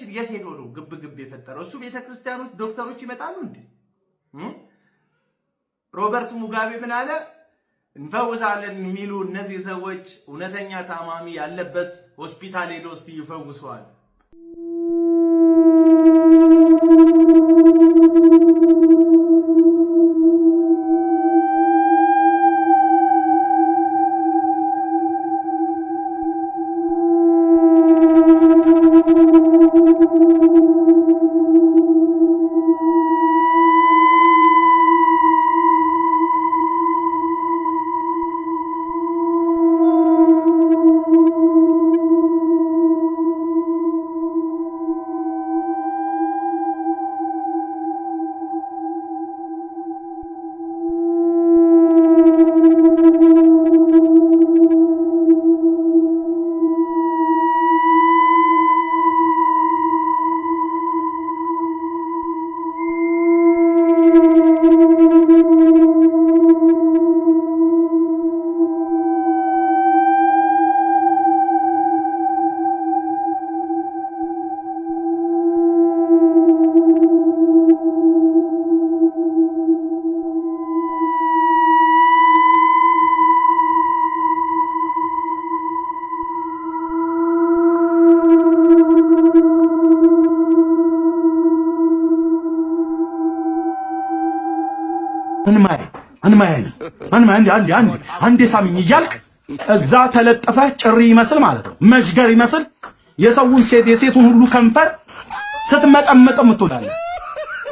ዶክተሮችን የት ሄዶ ነው ግብ ግብ የፈጠረው? እሱ ቤተክርስቲያን ውስጥ ዶክተሮች ይመጣሉ እንዴ? ሮበርት ሙጋቤ ምን አለ? እንፈውሳለን የሚሉ እነዚህ ሰዎች እውነተኛ ታማሚ ያለበት ሆስፒታል ሄዶ እስቲ ይፈውሰዋል። አንማይ አንማይ አንማይ አንዴ አንዴ አንዴ አንዴ ሳምኝ እያልክ እዛ ተለጠፈ ጭሪ ይመስል ማለት ነው መዥገር ይመስል የሰውን ሴት የሴቱን ሁሉ ከንፈር ስትመጠመጥ ምትውላለህ።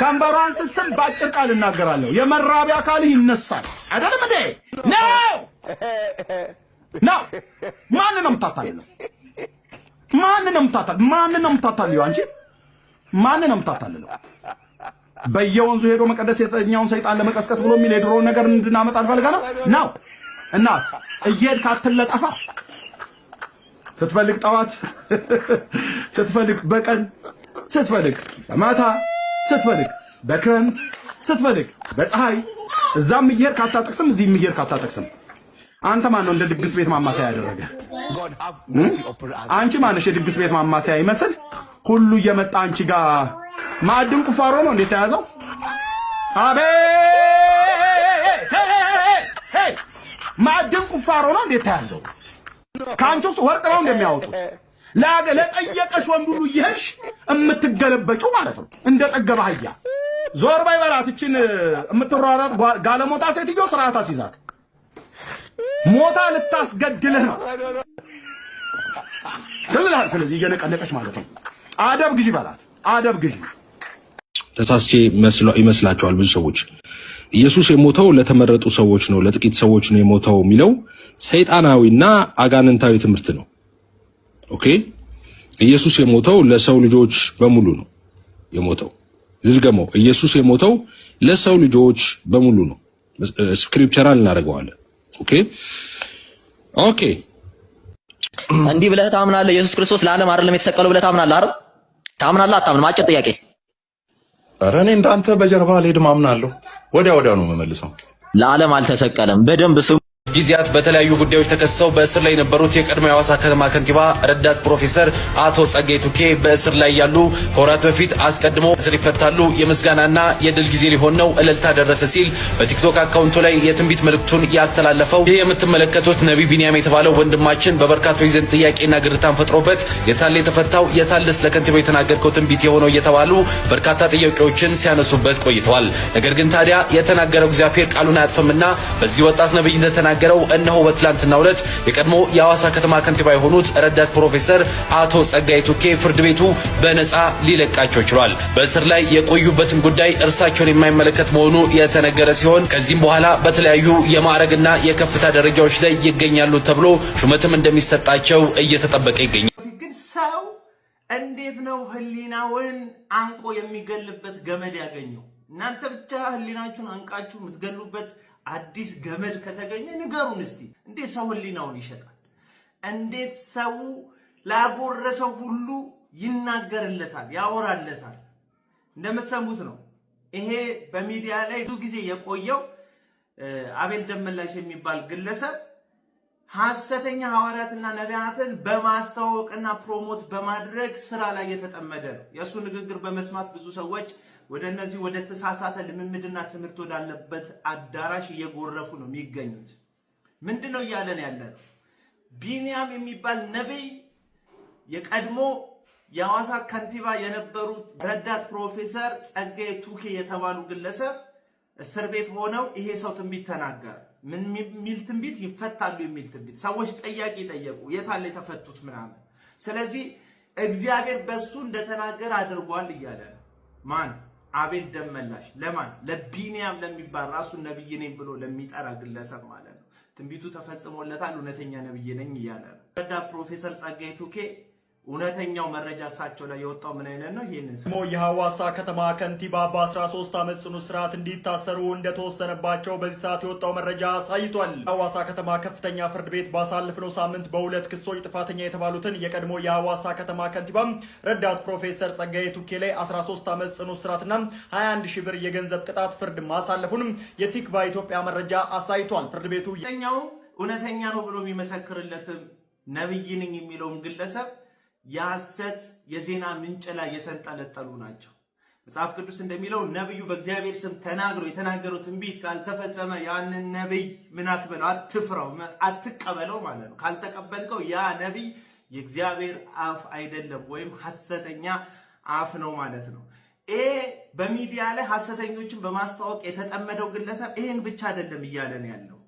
ከንፈሯን ስስም በአጭር ቃል እናገራለሁ የመራቢያ አካል ይነሳል። አይደለም እንዴ ነው ነው ማን ነው የምታታልለው? ማን ነው የምታታልለው? ማን ነው የምታታልለው? አንቺ ማን ነው የምታታልለው? በየወንዙ ሄዶ መቀደስ የተኛውን ሰይጣን ለመቀስቀስ ብሎ የሚል የድሮ ነገር እንድናመጣ አልፈልገና ነው። እናስ እየሄድክ አትለጠፋ። ስትፈልግ ጠዋት፣ ስትፈልግ በቀን፣ ስትፈልግ በማታ፣ ስትፈልግ በክረምት፣ ስትፈልግ በፀሐይ እዛም እየሄድክ አታጠቅስም፣ እዚህም እየሄድክ አታጠቅስም። አንተ ማን ነው እንደ ድግስ ቤት ማማሰያ ያደረገ? አንቺ ማነሽ የድግስ ቤት ማማሰያ ይመስል ሁሉ እየመጣ አንቺ ጋር ማዕድን ቁፋሮ ነው እንዴት የያዘው? አቤት ማዕድን ቁፋሮ ነው እንዴት የያዘው? ከአንቺ ውስጥ ወርቅ ነው እንደሚያወጡት ለጠየቀሽ ወንድ ሁሉ ይሄሽ እምትገለበጩ ማለት ነው። እንደ ጠገበ አህያ ዞር በይ በላት። እችን የምትሯሯጥ ጋለሞታ ሴትዮ ስርዓት አስይዛት። ሞታ ልታስገድልህ ነው ትልልሃል። ስለዚህ እየነቀነቀች ማለት ነው። አደብ ግዢ በላት። አደብ ግዢ ተሳስቼ ይመስላቸዋል ብዙ ሰዎች። ኢየሱስ የሞተው ለተመረጡ ሰዎች ነው፣ ለጥቂት ሰዎች ነው የሞተው የሚለው ሰይጣናዊና አጋንንታዊ ትምህርት ነው። ኦኬ ኢየሱስ የሞተው ለሰው ልጆች በሙሉ ነው የሞተው። ልድገመው፣ ኢየሱስ የሞተው ለሰው ልጆች በሙሉ ነው። ስክሪፕቸራል እናደርገዋለን። ኦኬ ኦኬ። እንዲህ ብለህ ታምናለህ፣ ኢየሱስ ክርስቶስ ለዓለም አይደለም የተሰቀለው ብለህ ታምናለህ አይደል? ታምናለህ አታምንም? አጭር ጥያቄ ኧረ እኔ እንዳንተ በጀርባ አልሄድም አምናለሁ። ወዲያ ወዲያ ነው የምመልሰው። ለዓለም አልተሰቀለም። በደንብ ስ ጊዜያት በተለያዩ ጉዳዮች ተከሰው በእስር ላይ የነበሩት የቀድሞ የሐዋሳ ከተማ ከንቲባ ረዳት ፕሮፌሰር አቶ ጸጌ ቱኬ በእስር ላይ ያሉ ከወራት በፊት አስቀድሞ እስር ይፈታሉ፣ የምስጋናና የድል ጊዜ ሊሆን ነው፣ እልልታ ደረሰ ሲል በቲክቶክ አካውንቱ ላይ የትንቢት መልእክቱን ያስተላለፈው ይህ የምትመለከቱት ነቢ ቢንያም የተባለው ወንድማችን በበርካቶች ዘንድ ጥያቄና ግርታን ፈጥሮበት የታለ የተፈታው የታለስ ለከንቲባ የተናገርከው ትንቢት የሆነው እየተባሉ በርካታ ጥያቄዎችን ሲያነሱበት ቆይተዋል። ነገር ግን ታዲያ የተናገረው እግዚአብሔር ቃሉን አያጥፍምና በዚህ ወጣት ነቢይ ተናገ የተናገረው እነሆ በትላንትናው ዕለት የቀድሞ የሐዋሳ ከተማ ከንቲባ የሆኑት ረዳት ፕሮፌሰር አቶ ጸጋይ ቱኬ ፍርድ ቤቱ በነጻ ሊለቃቸው ችሏል። በእስር ላይ የቆዩበትን ጉዳይ እርሳቸውን የማይመለከት መሆኑ የተነገረ ሲሆን ከዚህም በኋላ በተለያዩ የማዕረግና የከፍታ ደረጃዎች ላይ ይገኛሉ ተብሎ ሹመትም እንደሚሰጣቸው እየተጠበቀ ይገኛል። ግን ሰው እንዴት ነው ህሊናውን አንቆ የሚገልበት ገመድ ያገኘው? እናንተ ብቻ ህሊናችሁን አንቃችሁ የምትገሉበት አዲስ ገመድ ከተገኘ ንገሩን እስቲ። እንዴት ሰው ህሊናውን ይሸጣል? እንዴት ሰው ላጎረሰው ሁሉ ይናገርለታል፣ ያወራለታል? እንደምትሰሙት ነው። ይሄ በሚዲያ ላይ ብዙ ጊዜ የቆየው አቤል ደመላሽ የሚባል ግለሰብ ሐሰተኛ ሐዋርያትና ነቢያትን በማስተዋወቅና ፕሮሞት በማድረግ ስራ ላይ የተጠመደ ነው። የእሱ ንግግር በመስማት ብዙ ሰዎች ወደ እነዚህ ወደ ተሳሳተ ልምምድና ትምህርት ወዳለበት አዳራሽ እየጎረፉ ነው የሚገኙት። ምንድን ነው እያለን ያለ ነው? ቢንያም የሚባል ነቢይ የቀድሞ የሐዋሳ ከንቲባ የነበሩት ረዳት ፕሮፌሰር ጸጋዬ ቱኬ የተባሉ ግለሰብ እስር ቤት ሆነው ይሄ ሰው ትንቢት ተናገረ። ምን የሚል ትንቢት ይፈታሉ የሚል ትንቢት ሰዎች ጠያቂ ጠየቁ። የታለ የተፈቱት ምናምን። ስለዚህ እግዚአብሔር በሱ እንደተናገር አድርጓል እያለ ነው። ማን አቤል ደመላሽ ለማን ለቢንያም ለሚባል ራሱን ነብይ ነኝ ብሎ ለሚጠራ ግለሰብ ማለት ነው። ትንቢቱ ተፈጽሞለታል። እውነተኛ ነብይ ነኝ እያለ ነው። ረዳ ፕሮፌሰር ጸጋዬ ቱኬ እውነተኛው መረጃ እሳቸው ላይ የወጣው ምን አይነት ነው? ይህንን ስሞ የሐዋሳ ከተማ ከንቲባ በ13 ዓመት ጽኑ እስራት እንዲታሰሩ እንደተወሰነባቸው በዚህ ሰዓት የወጣው መረጃ አሳይቷል። የሐዋሳ ከተማ ከፍተኛ ፍርድ ቤት ባሳለፍነው ሳምንት በሁለት ክሶች ጥፋተኛ የተባሉትን የቀድሞ የሐዋሳ ከተማ ከንቲባም ረዳት ፕሮፌሰር ጸጋዬ ቱኬ ላይ 13 ዓመት ጽኑ እስራትና 21 ሺህ ብር የገንዘብ ቅጣት ፍርድ ማሳለፉን የቲክባ ኢትዮጵያ መረጃ አሳይቷል። ፍርድ ቤቱ እውነተኛ ነው ብሎ የሚመሰክርለትም ነብይ ነኝ የሚለውም ግለሰብ የሐሰት የዜና ምንጭ ላይ የተንጠለጠሉ ናቸው። መጽሐፍ ቅዱስ እንደሚለው ነብዩ በእግዚአብሔር ስም ተናግሮ የተናገረው ትንቢት ካልተፈጸመ ያንን ነብይ ምን አትበለው፣ አትፍራው፣ አትቀበለው ማለት ነው። ካልተቀበልከው ያ ነብይ የእግዚአብሔር አፍ አይደለም ወይም ሐሰተኛ አፍ ነው ማለት ነው። ይሄ በሚዲያ ላይ ሐሰተኞችን በማስተዋወቅ የተጠመደው ግለሰብ ይህን ብቻ አይደለም እያለን ያለው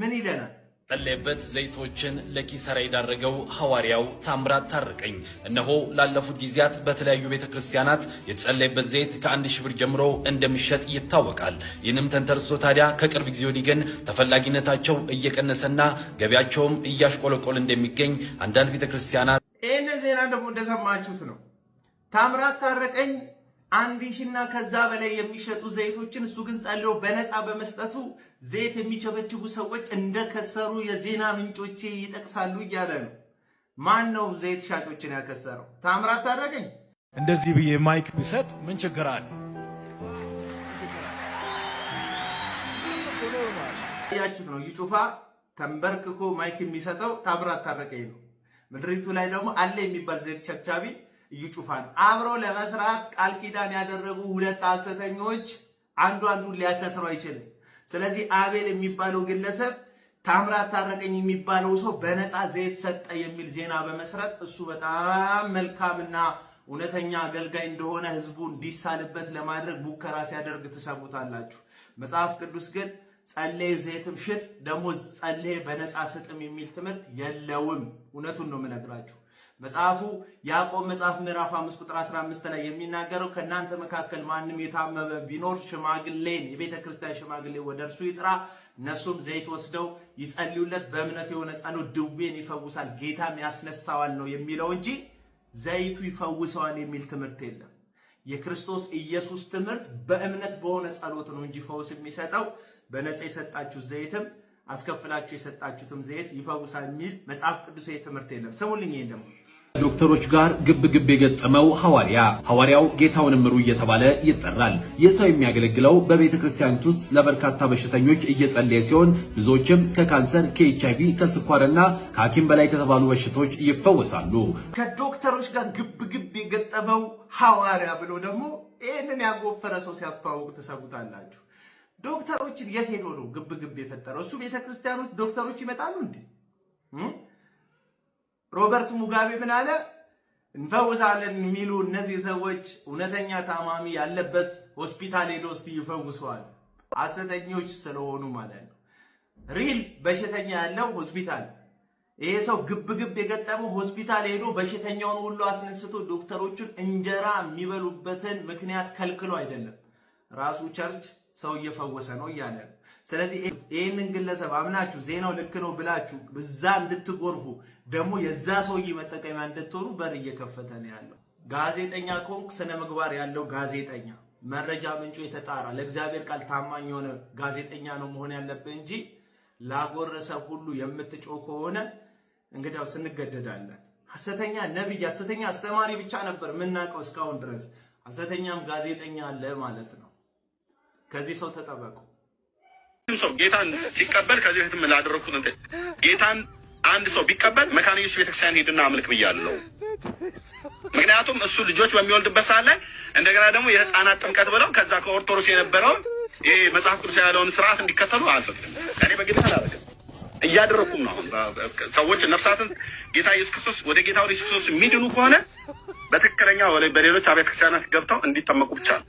ምን ይለናል? ጠለበት ዘይቶችን ለኪሳራ የዳረገው ሐዋርያው ታምራት ታርቀኝ እነሆ ላለፉት ጊዜያት በተለያዩ ቤተ ክርስቲያናት የተጸለየበት ዘይት ከአንድ ሺህ ብር ጀምሮ እንደሚሸጥ ይታወቃል። ይህንም ተንተርሶ ታዲያ ከቅርብ ጊዜ ወዲህ ግን ተፈላጊነታቸው እየቀነሰና ገቢያቸውም እያሽቆለቆል እንደሚገኝ አንዳንድ ቤተ ክርስቲያናት ይህን ዜና ደግሞ እንደሰማችሁት ነው። ታምራት ታረቀኝ አንድ ሺና ከዛ በላይ የሚሸጡ ዘይቶችን እሱ ግን ጸልዮ በነፃ በመስጠቱ ዘይት የሚቸበችቡ ሰዎች እንደከሰሩ የዜና ምንጮቼ ይጠቅሳሉ እያለ ነው። ማን ነው ዘይት ሻጮችን ያከሰረው? ታምራት ታደረገኝ እንደዚህ ብዬ ማይክ ቢሰጥ ምን ችግር አለ? ያችሁት ነው ይጩፋ ተንበርክኮ ማይክ የሚሰጠው ታምራት ታደረገኝ ነው። ምድሪቱ ላይ ደግሞ አለ የሚባል ዘይት ቸብቻቢ እዩ ጩፋን አብሮ ለመስራት ቃል ኪዳን ያደረጉ ሁለት ሐሰተኞች አንዱ አንዱን ሊያከስሩ አይችልም። ስለዚህ አቤል የሚባለው ግለሰብ ታምራት ታረቀኝ የሚባለው ሰው በነፃ ዘይት ሰጠ የሚል ዜና በመስራት እሱ በጣም መልካምና እውነተኛ አገልጋይ እንደሆነ ህዝቡ እንዲሳልበት ለማድረግ ሙከራ ሲያደርግ ትሰሙታላችሁ። መጽሐፍ ቅዱስ ግን ጸለይ ዘይትም ሽጥ ደግሞ ጸለይ በነፃ ስጥም የሚል ትምህርት የለውም። እውነቱን ነው የምነግራችሁ። መጽሐፉ ያዕቆብ መጽሐፍ ምዕራፍ 5 ቁጥር 15 ላይ የሚናገረው ከእናንተ መካከል ማንም የታመመ ቢኖር ሽማግሌን የቤተ ክርስቲያን ሽማግሌ ወደ እርሱ ይጥራ፣ እነሱም ዘይት ወስደው ይጸልዩለት፣ በእምነት የሆነ ጸሎት ድዌን ይፈውሳል፣ ጌታም ያስነሳዋል ነው የሚለው እንጂ ዘይቱ ይፈውሰዋል የሚል ትምህርት የለም። የክርስቶስ ኢየሱስ ትምህርት በእምነት በሆነ ጸሎት ነው እንጂ ፈውስ የሚሰጠው በነፃ የሰጣችሁ ዘይትም አስከፍላችሁ የሰጣችሁትም ዘይት ይፈውሳል የሚል መጽሐፍ ቅዱስ ትምህርት የለም። ስሙልኝ ደግሞ ዶክተሮች ጋር ግብ ግብ የገጠመው ሐዋርያ ሐዋርያው ጌታውን ምሩ እየተባለ ይጠራል። ይህ ሰው የሚያገለግለው በቤተ ክርስቲያኒቱ ውስጥ ለበርካታ በሽተኞች እየጸለየ ሲሆን ብዙዎችም ከካንሰር፣ ከኤችአይቪ፣ ከስኳርና ከሐኪም በላይ ከተባሉ በሽታዎች ይፈወሳሉ። ከዶክተሮች ጋር ግብ ግብ የገጠመው ሐዋርያ ብሎ ደግሞ ይህንን ያጎፈረ ሰው ሲያስተዋውቅ ትሰሙታላችሁ። ዶክተሮችን የት ሄዶ ነው ግብ ግብ የፈጠረው? እሱ ቤተ ክርስቲያን ውስጥ ዶክተሮች ይመጣሉ እንዴ? ሮበርት ሙጋቤ ምን አለ? እንፈውሳለን የሚሉ እነዚህ ሰዎች እውነተኛ ታማሚ ያለበት ሆስፒታል ሄዶ እስቲ ይፈውሰዋል። ሐሰተኞች ስለሆኑ ማለት ነው። ሪል በሽተኛ ያለው ሆስፒታል ይሄ ሰው ግብግብ የገጠመው ሆስፒታል ሄዶ በሽተኛውን ሁሉ አስነስቶ ዶክተሮቹን እንጀራ የሚበሉበትን ምክንያት ከልክሎ አይደለም። ራሱ ቸርች ሰው እየፈወሰ ነው እያለ ስለዚህ ይህንን ግለሰብ አምናችሁ ዜናው ልክ ነው ብላችሁ እዛ እንድትጎርፉ ደግሞ የዛ ሰውዬ መጠቀሚያ እንድትሆኑ በር እየከፈተ ነው ያለው። ጋዜጠኛ ከሆንክ ስነ ምግባር ያለው ጋዜጠኛ፣ መረጃ ምንጩ የተጣራ ለእግዚአብሔር ቃል ታማኝ የሆነ ጋዜጠኛ ነው መሆን ያለብህ እንጂ ላጎረሰብ ሁሉ የምትጮ ከሆነ እንግዲያውስ እንገደዳለን። ሐሰተኛ ነቢይ፣ ሐሰተኛ አስተማሪ ብቻ ነበር የምናውቀው እስካሁን ድረስ። ሐሰተኛም ጋዜጠኛ አለ ማለት ነው። ከዚህ ሰው ተጠበቁ። ሰው ጌታን ሲቀበል ከዚህ በፊትም ላደረግኩት ጌታን አንድ ሰው ቢቀበል መካነ ኢየሱስ ቤተክርስቲያን ሄድና አምልክ ብያለሁ። ምክንያቱም እሱ ልጆች በሚወልድበት ሰዓት ላይ እንደገና ደግሞ የህፃናት ጥምቀት ብለው ከዛ ከኦርቶዶክስ የነበረውን ይህ መጽሐፍ ቅዱስ ያለውን ስርዓት እንዲከተሉ አልፈቅድም። እኔ በጌታ አላደረግም እያደረግኩም ነው። አሁን ሰዎች ነፍሳትን ጌታ ኢየሱስ ክርስቶስ ወደ ጌታ ወደ ኢየሱስ ክርስቶስ የሚድኑ ከሆነ በትክክለኛ በሌሎች አብያተ ክርስቲያናት ገብተው እንዲጠመቁ ብቻ ነው።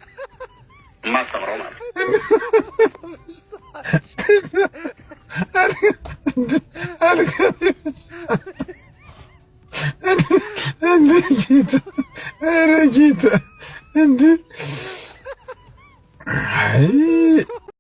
የማስተምረው ማለት ነው።